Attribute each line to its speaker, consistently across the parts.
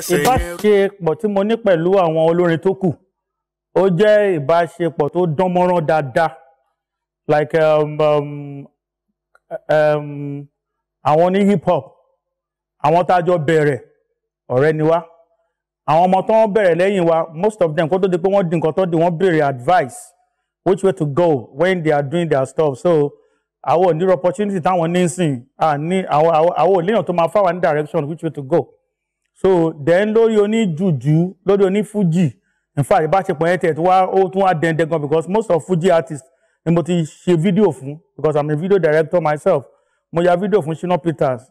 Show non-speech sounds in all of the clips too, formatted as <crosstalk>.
Speaker 1: ìbáṣepọ̀ tí mo ní pẹ̀lú àwọn olórin tó kù ó jẹ́ ìbáṣepọ̀ tó dán mọ́rán dáadáa like um, um, um, àwọn ní hip hop àwọn tá a jọ bẹ̀rẹ̀ ọ̀rẹ́ ni wá àwọn ọmọ tó ń bẹ̀rẹ̀ lẹ́yìn wa most of them kó tó di pé wọ́n di nǹkan tó di wọ́n béèrè advice which way to go when they are doing their stuff so àwọn ò ní opportunity táwọn ní sìn àwọn ò léèyàn tó máa fáwọn ní direction which way to go so then lórí oníjùjú lórí onífújì in fact ìbáṣepọ̀ yẹn tiẹ̀ tó wá ó tún wá dẹ́ndẹ́ gan because most of fuji artists ni mo ti ṣe fídíò fún because i'm a video director myself mo ya fídíò fún shina peters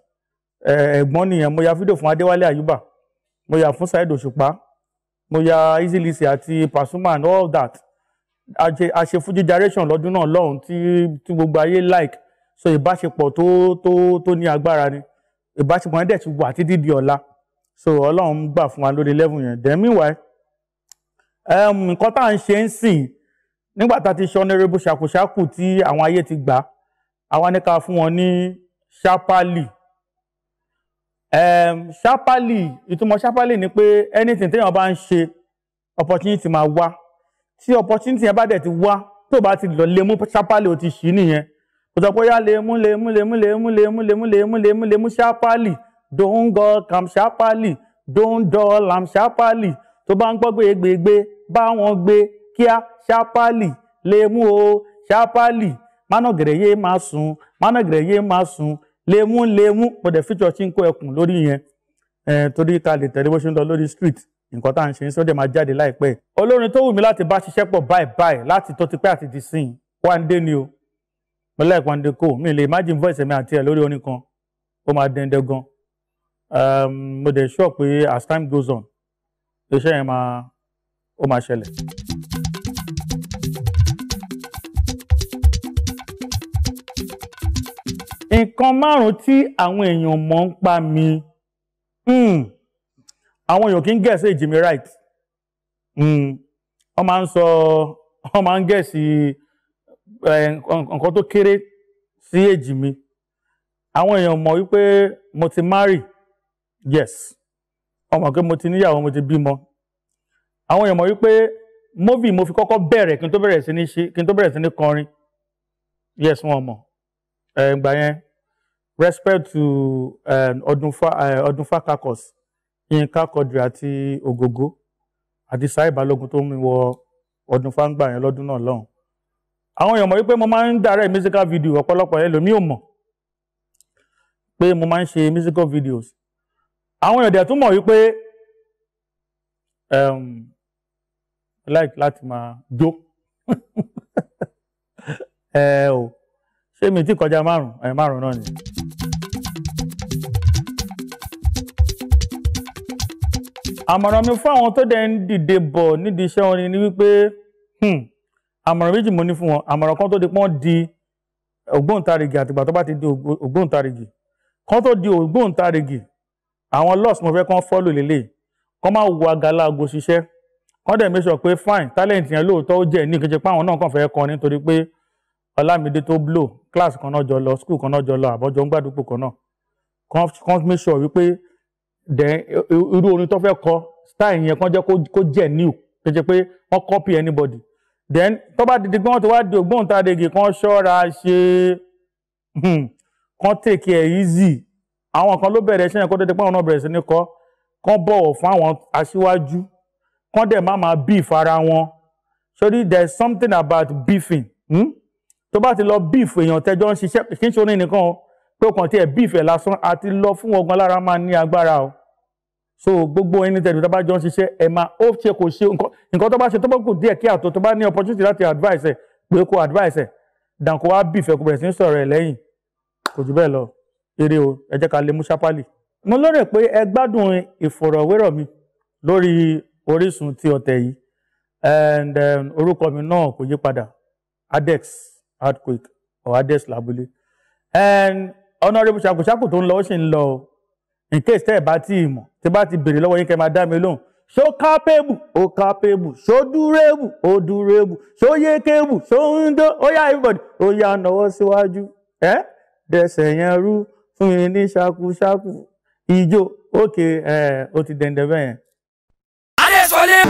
Speaker 1: eh, ẹ̀gbọ́n nìyẹn mo ya fídíò fún adéwálé ayuba mo ya fún saheed òṣùpá mo ya easy àti pasuma and all that a ṣe fuji generation lọ́dún náà lọ́hùn tí tí gbogbo ayé like so ìbáṣepọ̀ tó tó tó ní agbára ni ìbáṣepọ̀ yẹn dẹ̀ ti wà títí di ọ̀la so ọlọ́run gbà fún wa lórí level yẹn then meanwhile nǹkan tá à ń ṣe ń sìn nígbà tá a ti ṣe honourable ṣàkùṣàkù tí àwọn ayé ti gbà àwa ní ká fún wọn ní ṣápálì ṣápálì ìtumọ̀ ṣápálì ni pé anything téèyàn bá ń ṣe opportunity máa wá tí opportunity yẹn bá dẹ̀ ti wá tó bá ti lọ lè mú ṣápálì ó ti ṣì nìyẹn kò sọ pé yá lè mú lè mú lè mú lè mú lè mú ṣápálì Don go come sharply, don dol am sharply. Tó bá ń gbọ́ gbègbègbè, bá wọn gbé kíá sharply, lè mú o sharply. Mánàgẹ̀rẹ̀ yé máa sùn, mánàgẹ̀rẹ̀ yé máa sùn, lè mú lè mú. Mo dẹ̀ fíjọ tí ń kó ẹkùn lórí yẹn. Torí ta lè tẹ̀lé bó ṣe ń lọ lórí street nǹkan tá à ń ṣe ń sọ́dẹ̀ máa jáde láìpẹ́. Olórin tó wù mí láti bá ṣiṣẹ́ pọ̀ báyìí báyìí láti tó ti pẹ́ àti ti sìn. Wáńdé ni o. Mo like Wáńdé kò. Mi lè imagine voice mi àti ẹ̀ lórí orin kan. Ó máa dẹ́ndẹ́ gan-an mo dẹ̀ sure pé as time goes on iṣẹ́ yẹn máa ó máa ṣẹlẹ̀. nǹkan márùn-ún tí àwọn èèyàn mọ̀ ń pa mi hmm, àwọn èèyàn kì í guess èjì mi right hmm, wọ́n máa ń sọ wọ́n máa ń guess eh, nǹkan tó kéré sí èjì mi àwọn èèyàn mọ̀ wípé mo ti marry yes ọmọ pé mo ti níyàwó mo ti bímọ àwọn èèyàn mọ̀ wípé movie mo fi kọ́kọ́ bẹ̀rẹ̀ kí n tó bẹ̀rẹ̀ sí ní ṣe kí n tó bẹ̀rẹ̀ sí ní kọrin yes wọn mọ̀ ẹ̀ yẹn respect to ọdúnfà um, ọdúnfà kakọs yinka kọdìrì àti ògógó àti sáì balógun tó ń wọ ọdúnfà ń gbà yẹn lọ́dún náà lọ́hùn àwọn èèyàn mọ̀ wípé mo máa ń direct musical video ọ̀pọ̀lọpọ̀ ẹlòmíì ò mọ̀ pé mo máa ń ṣe musical videos àwọn èèyàn dẹ̀ tún mọ̀ wípé um, like láti máa jó <laughs> ẹ ò ṣé mi ti kọjá márùn ẹ márùn náà ni. àmọ̀ràn mi fún àwọn tó dẹ̀ ń dìde bọ̀ nídìí iṣẹ́ orin ni wípé hmm, àmọ̀ràn méjì mo ní fún wọn àmọ̀ràn kan tó di pọ́n di ògbóǹtarìgì àtìgbà tó bá ti di ògbóǹtarìgì kan tó di ògbóǹtarìgì àwọn laws mo fẹ́ kán follow lélẹ̀ kán má wo agaláago ṣiṣẹ́ kán dẹ̀ make sure pé fine talent yẹn lóòótọ́ ó jẹ́ ní kejì pé àwọn náà kàn fẹ́ kọ nítorí pé Ọlámídé tó blow class kan náà jọ lọ school kan náà jọ lọ àbọ̀jọ ń gbàdúgbò kan náà kán make sure wípé then irú orin tó fẹ́ kọ style yẹn kán jẹ́ kó jẹ́ new kejì pé wọ́n copy anybody then tó bá didi gbọ́n tó wá di ògbóǹtarìgì kan ṣọ́ra ṣe hmm, kan take care easy àwọn kan ló bẹ̀rẹ̀ iṣẹ́ yẹn kó dédé pé àwọn náà bẹ̀rẹ̀ sí ní kọ́ kán bọ̀wọ̀ fún àwọn aṣíwájú kán dẹ̀ má máa beef ara wọn sori there is something about beefing hmm? tó bá ti lọ beef èèyàn tẹjọ́ ń ṣiṣẹ́ kí n ṣe oní nìkan o pé ọkàn tiẹ̀ beef ẹ̀ lásán àti lọ fún ọgbọ́n lára máa ní agbára o so gbogbo ẹni tẹ̀lé tó bá jọ ń ṣiṣẹ́ ẹ̀ máa ó ṣe kò ṣe nǹkan tó bá ṣe tó bá kù díẹ̀ kí àtò tó bá ní opportunity láti advice ẹ̀ pé kó advice ẹ̀ dànkó wá beef ẹ̀ kó bẹ̀rẹ̀ sí ń sọ̀rọ̀ ẹ̀ lẹ́yìn kò jù bẹ́ẹ̀ lọ eré o ẹ jẹ́ ká lè mú ṣápálì. mo lérò pé ẹ gbádùn ìfọ̀rọ̀wérọ̀ mi lórí Orísun ti ọ̀tẹ̀ yìí and um, orúkọ mi náà kò yí padà adex earthquake or adex labule and honourable ṣàkóṣàkó tó ń lọ ó sì ń lọ in case tẹ́ ẹ̀ bá tí ì mọ̀ tí bá ti béèrè lọ́wọ́ yín kẹ́ máa dá mi lóhùn ṣó kápébù ó kápébù ṣó dúrébù ó dúrébù ṣó yékébù ṣó ń dó ó yá everybody ó yá nọwọ́ síwájú ẹ dẹsẹ̀ yẹn rú fún mi ní ṣáku ṣáku ijó òkè ẹ ó ti dẹ̀ndẹ̀ bẹ́ẹ̀ yẹn.